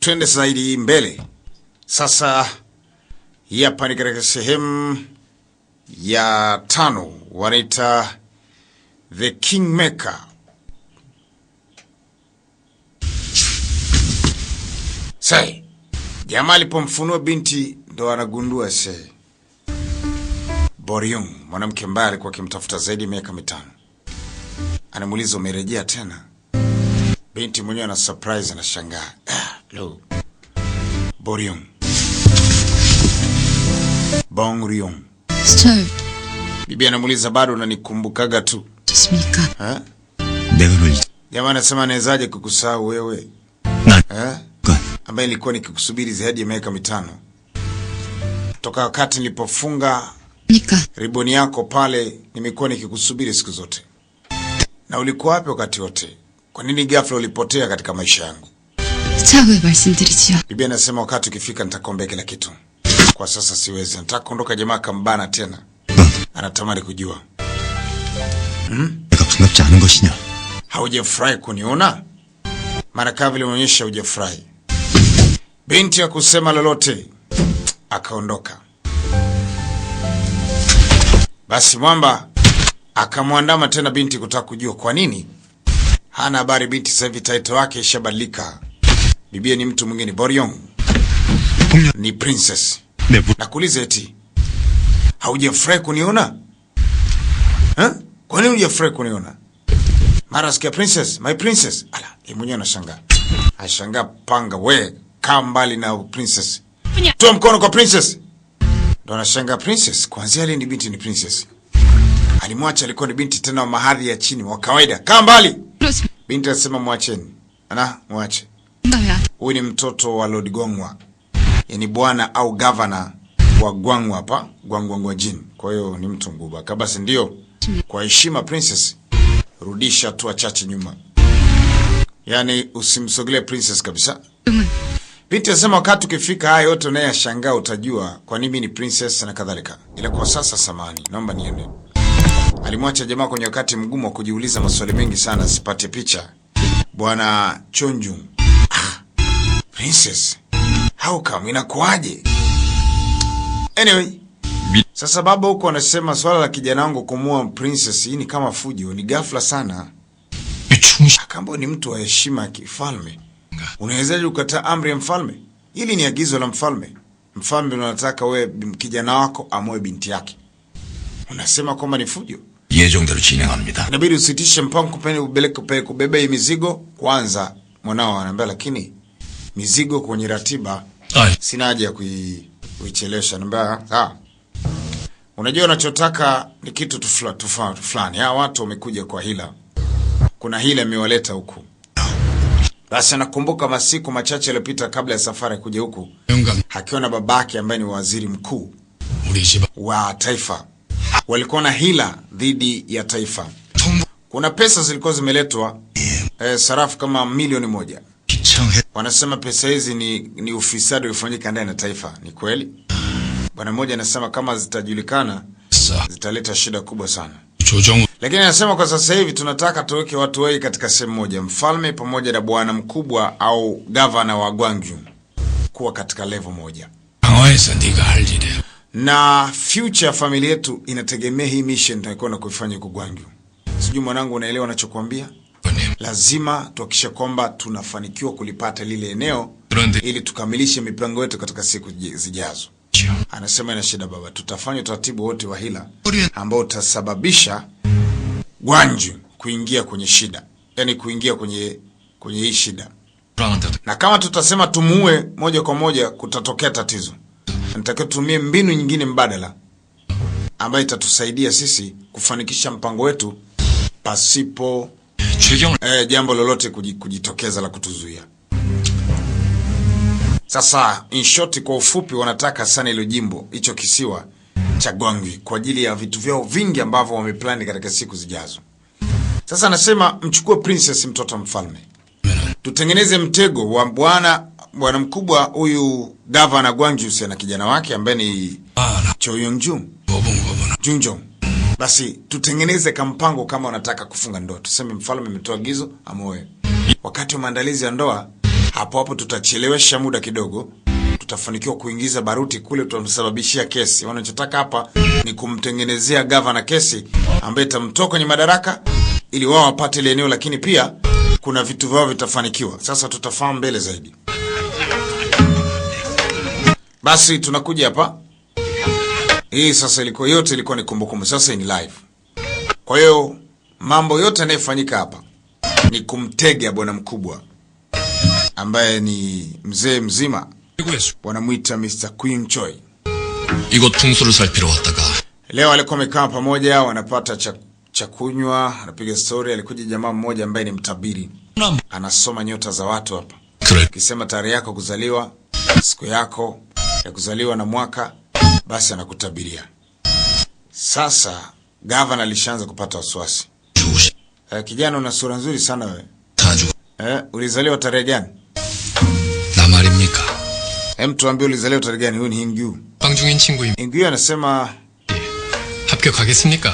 Twende zaidi mbele sasa. Hapa ni katika sehemu ya tano, wanaita the Kingmaker. Sai jamaa alipomfunua binti ndo anagundua se Boryung, mwanamke ambaye alikuwa akimtafuta zaidi miaka mitano, anamuuliza umerejea tena? Binti mwenyewe ana surprise, na anashangaa ah, lo, Boryong Bonryong. Bibi anamuuliza bado unanikumbukaga tu? Jamaa anasema anawezaje kukusahau wewe ambaye nilikuwa nikikusubiri zaidi ya miaka mitano toka wakati nilipofunga Nika riboni yako pale, nimekuwa nikikusubiri siku zote. Na ulikuwa wapi wakati wote? Kwa nini ghafla ulipotea katika maisha yangu? Bibi anasema wakati ukifika nitakuombea kila kitu. Kwa sasa siwezi, nataka kuondoka. Jamaa kambana tena, anatamani kujua hmm? Haujafurahi kuniona? Mara kadhaa vile unaonyesha hujafurahi. Binti ya lolote, akaondoka. Basi mwamba akamwandama tena binti kutaka kujua kwa nini Hana habari binti, sasa hivi taito yake ishabadilika. Bibie ni mtu mwingine, Borion ni princess. Nakuuliza eti haujafurahi kuniona ha? Kwa nini hujafurahi kuniona? Mara sikia princess, my princess. Ala, yeye mwenyewe anashangaa. Anashangaa panga, we kaa mbali na princess. Toa mkono kwa princess. Ndio anashangaa princess, kwanza kuanzia ni binti ni princess? Alimwacha alikuwa ni binti tena wa mahadhi ya chini wa kawaida. Kaa mbali. Binti anasema mwacheni. Ana mwache. Huyu ni mtoto wa Lord Gongwa. Yaani bwana au governor wa Gwangwa hapa, Gwangwa Gwangwa Jin. Kwa hiyo ni mtu mguba. Basi ndio. Kwa heshima princess, rudisha tu achache nyuma. Yaani usimsogelee princess kabisa. Binti anasema wakati ukifika haya yote unayashangaa utajua kwa nini ni princess na kadhalika. Ila kwa sasa samani, naomba niende alimwacha jamaa kwenye wakati mgumu wa kujiuliza maswali mengi sana, asipate picha. Bwana Chonjung, ah, princess how come, inakuaje? Anyway, sasa baba huko anasema swala la kijana wangu kumua princess hii ni kama fujo, ni ghafla sana. Akambo ni mtu wa heshima ya kifalme, unawezaje kukataa amri ya mfalme? Hili ni agizo la mfalme. Mfalme unataka wewe kijana wako amoe binti yake, unasema kwamba ni fujo? 예정대로 진행합니다. Inabidi usitishe mpango kupeni upeleke kubeba hii mizigo kwanza, mwanao anaambia, lakini mizigo kwenye ratiba sina haja ya kuichelewesha. Anaambia ah, unajua unachotaka ni kitu fulani. Hawa watu wamekuja kwa hila, kuna hila imewaleta huku. Basi nakumbuka masiku machache yaliyopita kabla ya safari kuja huku, akiwa na babake ambaye ni waziri mkuu wa taifa walikuwa na hila dhidi ya taifa. Kuna pesa zilikuwa zimeletwa eh, sarafu kama milioni moja. Wanasema pesa hizi ni, ni ufisadi ufanyika ndani ya taifa. Ni kweli? Bwana mmoja anasema kama zitajulikana zitaleta shida kubwa sana. Lakini anasema kwa sasa hivi tunataka tuweke watu wengi katika sehemu moja, mfalme pamoja na bwana mkubwa au gavana wa Gwangju kuwa katika level moja na future ya familia yetu inategemea hii mission tutakuwa na kuifanya huko Gwanju. Sijui mwanangu, unaelewa nachokuambia? Lazima tuhakikishe kwamba tunafanikiwa kulipata lile eneo ili tukamilishe mipango yetu katika siku zijazo. Anasema ina shida baba, tutafanya utaratibu wote wa hila ambao utasababisha Gwanju kuingia kwenye shida, yani kuingia kwenye kwenye hii shida, na kama tutasema tumuue moja kwa moja kutatokea tatizo natakiwa tutumie mbinu nyingine mbadala ambayo itatusaidia sisi kufanikisha mpango wetu pasipo eh, jambo lolote kujitokeza la kutuzuia. Sasa in short, kwa ufupi, wanataka sana hilo jimbo, hicho kisiwa cha Gwangi kwa ajili ya vitu vyao vingi ambavyo wameplani katika siku zijazo. Sasa anasema mchukue princess, mtoto mfalme, tutengeneze mtego wa bwana bwana mkubwa huyu gavana Gwangju na kijana wake ambaye ni ah, Choyonju Junjo, basi tutengeneze kampango kama unataka kufunga ndoa, tuseme mfalme ametoa agizo amoe. Wakati wa maandalizi ya ndoa, hapo hapo tutachelewesha muda kidogo, tutafanikiwa kuingiza baruti kule, tutamsababishia kesi. Wanachotaka hapa ni kumtengenezea gavana kesi ambaye itamtoa kwenye madaraka ili wao wapate ile eneo, lakini pia kuna vitu vyao vitafanikiwa. Sasa tutafahamu mbele zaidi. Basi tunakuja hapa. Hii sasa ilikuwa yote ilikuwa ni kumbukumbu, sasa ni live. Kwa hiyo mambo yote yanayofanyika hapa ni kumtega bwana mkubwa ambaye ni mzee mzima, Wanamuita Mr Queen Choi. Iko salpiro wataka. Leo alikuwa amekaa pamoja, wanapata cha cha kunywa, anapiga story. Alikuja jamaa mmoja ambaye ni mtabiri, anasoma nyota za watu hapa, Kisema tarehe yako kuzaliwa, siku yako ya kuzaliwa na mwaka, basi anakutabiria. Sasa gavana alishaanza kupata wasiwasi. Eh, kijana una sura nzuri sana we. Eh, ulizaliwa tarehe gani? Hem, tuambie ulizaliwa tarehe gani? Huyu ni Hingyu. Hingyu anasema 합격하겠습니까?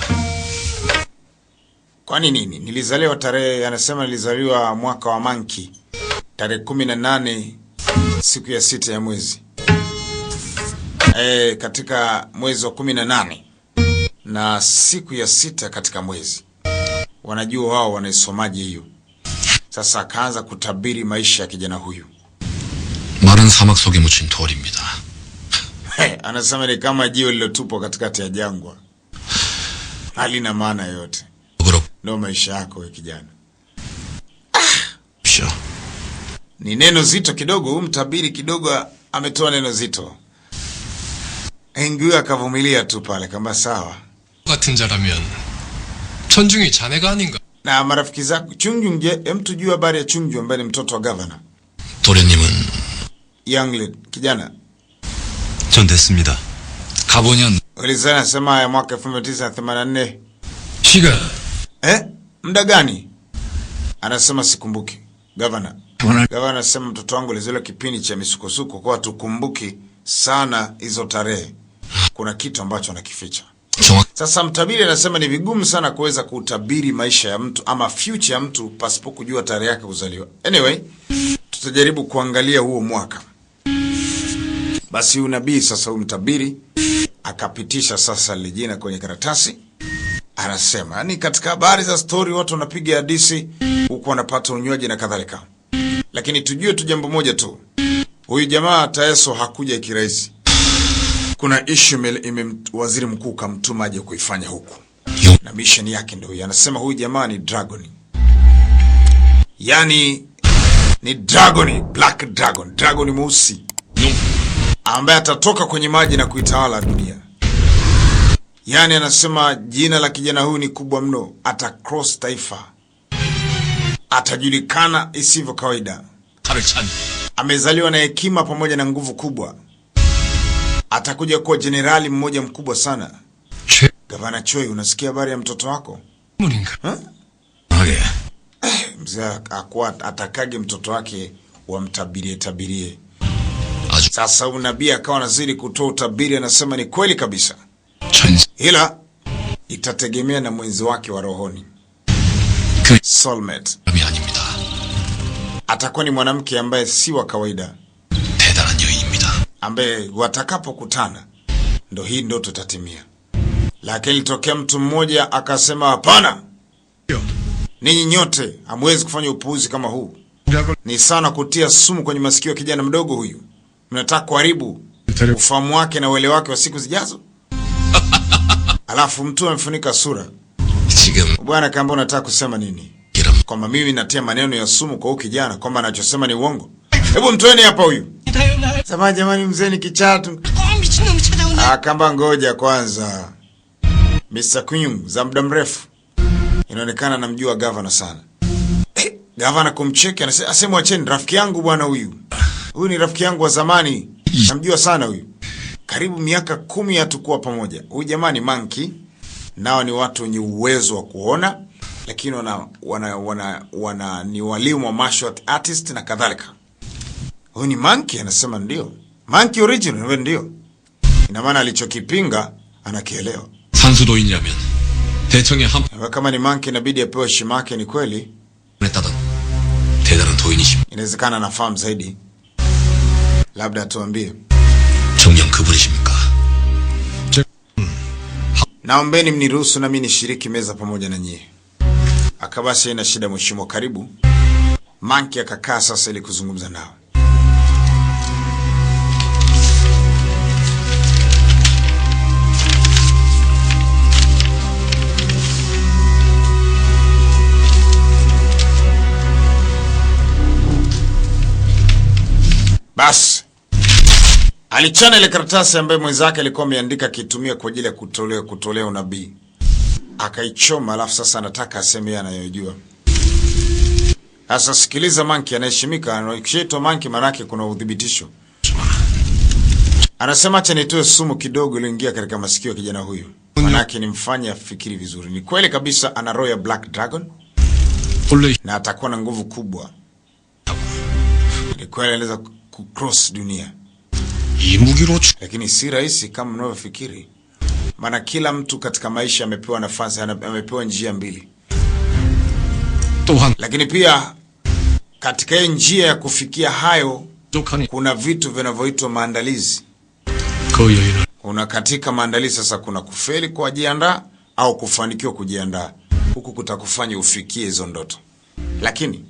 Kwani nini? Nilizaliwa tarehe, anasema nilizaliwa mwaka wa manki tarehe 18 siku ya sita ya mwezi e, katika mwezi wa kumi na nane na siku ya sita katika mwezi, wanajua wao wanaisomaje hiyo. Sasa akaanza kutabiri maisha ya kijana huyu. Maran samak soge muchin toribnida. Anasema ni kama jiwe lilotupwa katikati ya jangwa, halina maana yote. Ndo maisha yako we kijana. Ah, ni neno zito kidogo, huu mtabiri kidogo ametoa neno zito. Nguu akavumilia tu pale kama sawa. 같은 자라면 천중이 자네가 아닌가? Na marafiki zako Chungjung, je, emtujua habari ya Chungjung ambaye ni mtoto wa governor? 도련님은 Young lady, kijana. 전 됐습니다. 가보년 ulizana sema ya mwaka tisa na 1984. Shiga. Eh? Muda gani? Anasema sikumbuki. Governor. 오늘 Gavana anasema mtoto wangu alizaliwa kipindi cha misukosuko, kwa tukumbuki sana hizo tarehe kuna kitu ambacho anakificha. Sasa mtabiri anasema ni vigumu sana kuweza kutabiri maisha ya mtu ama future ya mtu pasipo kujua tarehe yake kuzaliwa. Anyway, tutajaribu kuangalia huo mwaka. Basi huyu nabii sasa, huyu mtabiri akapitisha sasa lile jina kwenye karatasi. Anasema yani, katika habari za story watu wanapiga hadisi huku wanapata unywaji na kadhalika, lakini tujue tu jambo moja tu, huyu jamaa Taeso hakuja kirahisi kuna issue ime waziri mkuu kamtuma aje kuifanya huku, na mission yake ndio hiyo. Anasema huyu jamaa ni dragon, yani ni dragon, black dragon, dragon mweusi ambaye atatoka kwenye maji na kuitawala dunia. Yani anasema jina la kijana huyu ni kubwa mno, ata cross taifa, atajulikana isivyo kawaida. Amezaliwa na hekima pamoja na nguvu kubwa atakuja kuwa jenerali mmoja mkubwa sana. Gavana Choi, unasikia habari ya mtoto wako? Eh, mzee akuwa atakage mtoto wake wamtabirie tabirie. Sasa unabii akawa anazidi kutoa utabiri, anasema ni kweli kabisa, ila itategemea na mwenzi wake wa rohoni soulmate. Atakuwa ni mwanamke ambaye si wa kawaida ambaye watakapokutana ndo hii ndo tutatimia. Lakini tokea mtu mmoja akasema, hapana, ninyi nyote hamwezi kufanya upuuzi kama huu, ni sana kutia sumu kwenye masikio ya kijana mdogo huyu. Mnataka kuharibu ufahamu wake na uelewa wake wa siku zijazo. Alafu mtu amefunika sura, bwana kaamba, unataka kusema nini? Kwamba mimi natia maneno ya sumu kwa huyu kijana, kwamba anachosema ni uongo? Hebu mtoeni hapa huyu Sama jamani, mzee ni kichatu. Ah, kamba ngoja kwanza. Mr. Kunyum za muda mrefu. Inaonekana namjua governor sana. Eh, governor kumcheki anasema asema acheni rafiki yangu bwana huyu. Huyu ni rafiki yangu wa zamani. Namjua sana huyu. Karibu miaka kumi hatukuwa pamoja. Huyu jamani monkey. Nao ni watu wenye uwezo wa kuona lakini wana, wana, wana, wana ni walimu wa martial artist na kadhalika. Huyu ni Monkey anasema ndio. Monkey original wewe ndio. Ina maana alichokipinga anakielewa. Sansudo inyamen. Taechong'e ham. Wewe Kama ni Monkey inabidi apewe heshima yake ni kweli. Netada. Tedaran toinish. Inawezekana anafahamu zaidi. Labda tuambie. Chongyeong hmm. kubunishimika. Naombeni mniruhusu na nami nishiriki meza pamoja na nyie. Akabasi ina shida mheshimiwa, karibu. Monkey akakaa sasa ili kuzungumza nao. Basi alichana ile karatasi ambayo mwenzake alikuwa ameandika kitumia kwa ajili ya kutolea kutolea unabii, akaichoma. Alafu sasa anataka aseme yeye anayojua. Sasa sikiliza, Manki anaheshimika, anakishaitwa Manki manake kuna udhibitisho. Anasema acha nitoe sumu kidogo iliyoingia katika masikio ya kijana huyu, maanake nimfanye afikiri vizuri. Ni kweli kabisa, ana roho ya Black Dragon na atakuwa na nguvu kubwa. Ni kweli anaweza kucross dunia, lakini si rahisi kama unavyofikiri maana kila mtu katika maisha amepewa nafasi, amepewa njia mbili, lakini pia katika hiyo njia ya kufikia hayo kuna vitu vinavyoitwa maandalizi. Kuna katika maandalizi sasa, kuna kufeli kujiandaa au kufanikiwa kujiandaa, huku kutakufanya ufikie hizo ndoto, lakini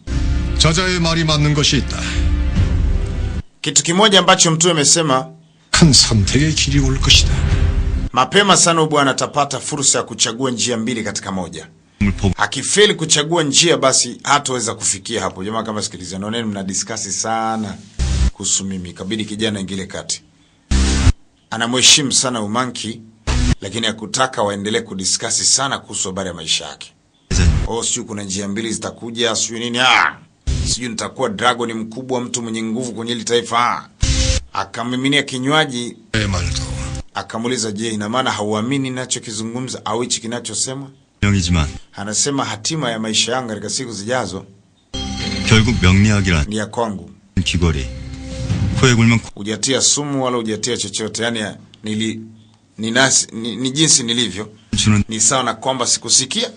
chajae mari mannen goshi ita kitu kimoja ambacho Mtume amesema mapema sana, bwana atapata fursa ya kuchagua njia mbili katika moja. Akifeli kuchagua njia, basi hataweza kufikia hapo. Jamaa kama sikiliza, naoneni mna discuss sana kuhusu mimi, kabidi kijana ingile kati. Anamheshimu sana Umanki, lakini hakutaka waendelee kudiskasi sana kuhusu habari ya maisha yake. Oh, sio kuna njia mbili zitakuja, sio nini ah sijui nitakuwa dragoni mkubwa, mtu mwenye nguvu kwenye hili taifa. Akamiminia kinywaji, akamuuliza, je, ina maana hauamini ninachokizungumza au hichi kinachosema? Anasema hatima ya maisha yangu katika siku zijazo ni ya kwangu. Ujatia sumu wala ujatia chochote, yani ya, nili, ninasi, ni, ni jinsi nilivyo ni sawa na kwamba sikusikia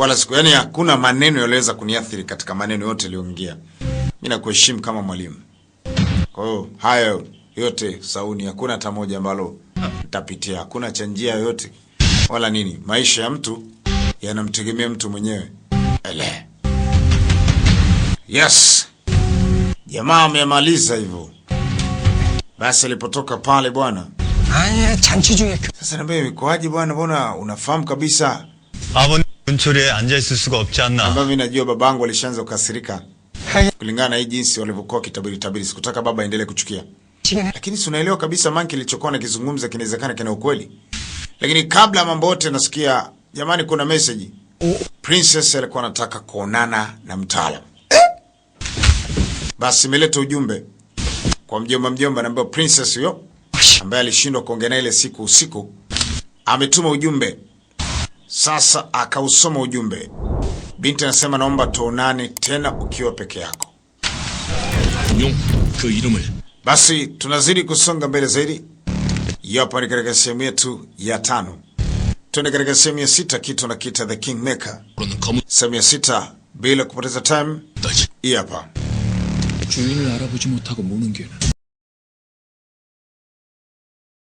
wala siku, yani hakuna maneno yaliweza kuniathiri katika maneno yote yaliyoingia. Mimi nakuheshimu kama mwalimu. Kwa hiyo hayo yote Sauni, hakuna hata moja ambalo nitapitia, hakuna cha njia yoyote wala nini. Maisha ya mtu yanamtegemea mtu mwenyewe. Ele. Yes. Jamaa amemaliza hivyo. Basi alipotoka pale bwana. Aya, chanchi juu yake. Sasa naambia imekuaje bwana, mbona unafahamu kabisa. Abone 은철이에 앉아 있을 수가 없지 않나. Ambayo mimi najua babangu alishaanza kasirika. kulingana hii jinsi walivukua kitabili tabili. Sikutaka baba indele kuchukia, lakini si kabisa manki lichokona kizungumza kinezekana kena ukweli. Lakini kabla mambote nasikia jamani, kuna meseji. Princess alikuwa nataka kuonana na mtaalamu basi imeleta ujumbe kwa mjomba. Mjomba nambeo Princess huyo ambaye alishindwa kongena ile siku usiku, ametuma ujumbe. Sasa akausoma ujumbe. Binti anasema naomba tuonane tena ukiwa peke yako. Basi tunazidi kusonga mbele zaidi. Yapo ni katika sehemu yetu ya tano. Tuende katika sehemu ya sita, kitu na kita The Kingmaker. Sehemu ya sita bila kupoteza time. Hapa.